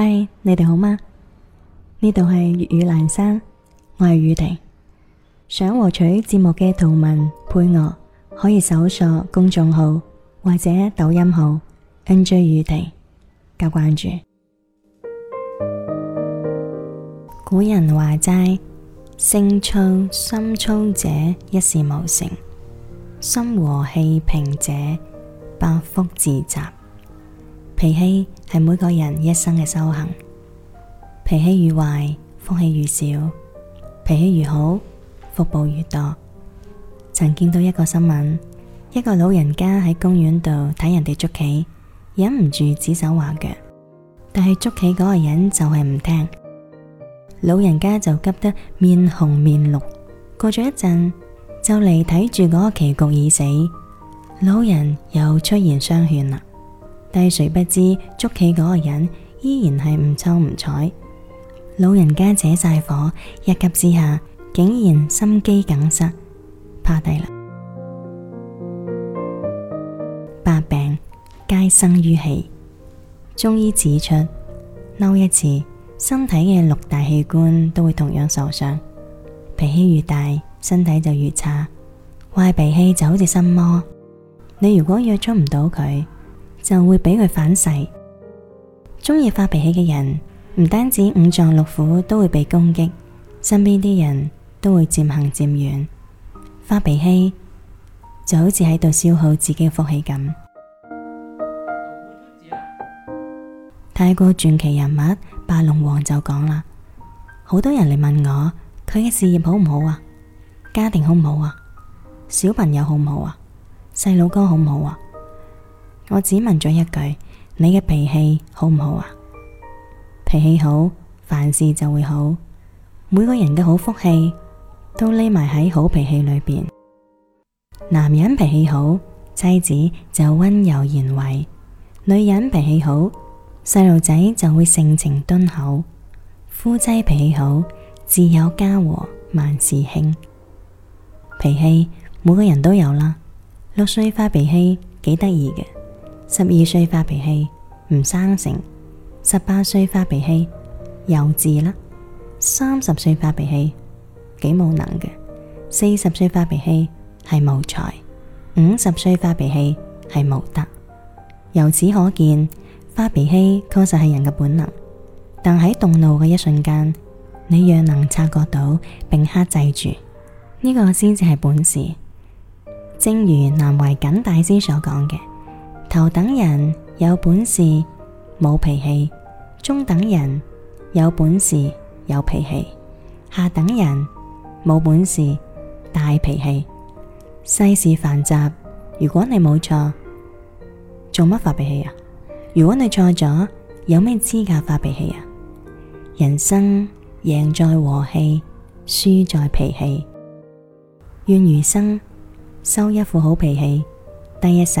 嗨，hey，你哋好嗎？呢度係粵語闌珊，我係宇婷。想獲取節目嘅圖文配樂，可以搜索公眾號或者抖音號 NJ 宇婷加關注。 古人話齋，性躁心粗者一事無成，心和氣平者百福自集。脾氣係每個人一生嘅修行，脾氣越壞，福氣越少；脾氣越好，福報越多。曾見到一個新聞，一個老人家喺公園度睇人哋捉棋，忍唔住指手畫腳，但係捉棋嗰個人就係唔聽，老人家就急得面紅面綠。過咗一陣，就嚟睇住嗰個棋局已死，老人又出言相勸啦。但係誰不知捉棋嗰個人依然係唔瞅唔睬。老人家扯晒火，一急之下竟然心肌梗塞，趴低啦。百病皆生於氣，中醫指出，嬲一次，身體嘅六大器官都會同樣受傷。脾氣越大，身體就越差。壞脾氣就好似心魔，你如果約束唔到佢。就會俾佢反噬，鍾意發脾氣嘅人唔單止五臟六腑都會被攻擊，身邊啲人都會漸行漸遠。發脾氣就好似喺度消耗自己嘅福氣咁。泰國傳奇人物白龍王就講啦，好多人嚟問我佢嘅事業好唔好啊，家庭好唔好啊，小朋友好唔好啊，細佬哥好唔好啊？我只問咗一句，你嘅脾氣好唔好啊？脾氣好，凡事就會好。每個人嘅好福氣都匿埋喺好脾氣裏邊。男人脾氣好，妻子就溫柔賢惠；女人脾氣好，細路仔就會性情敦厚。夫妻脾氣好，自有家和萬事興。脾氣每個人都有啦，六歲發脾氣幾得意嘅。十二歲發脾氣唔生性，十八歲發脾氣幼稚啦，三十歲發脾氣幾冇能嘅，四十歲發脾氣係無才，五十歲發脾氣係無德。由此可見，發脾氣確實係人嘅本能，但喺動怒嘅一瞬間，你若能察覺到並克制住呢個，先至係本事。正如南懷瑾大師所講嘅。頭等人有本事冇脾氣，中等人有本事有脾氣，下等人冇本事大脾氣。世事繁雜，如果你冇錯，做乜發脾氣啊？如果你錯咗，有咩資格發脾氣啊？人生贏在和氣，輸在脾氣。願餘生收一副好脾氣，第一世。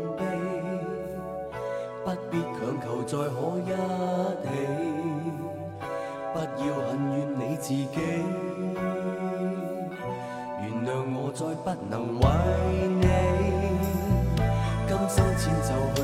不必強求再可一起，不要恨怨你自己，原諒我再不能為你，今生遷就。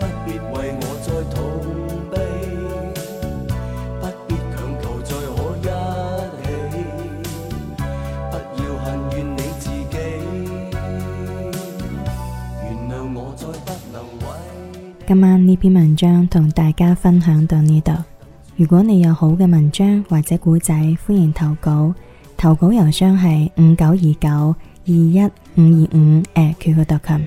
不必為我再痛悲，不必強求再可一起。不要恨怨你自己，今晚呢篇文章同大家分享到呢度。如果你有好嘅文章或者故仔，歡迎投稿。投稿郵箱係五九二九二一五二五 @QQ.com。3.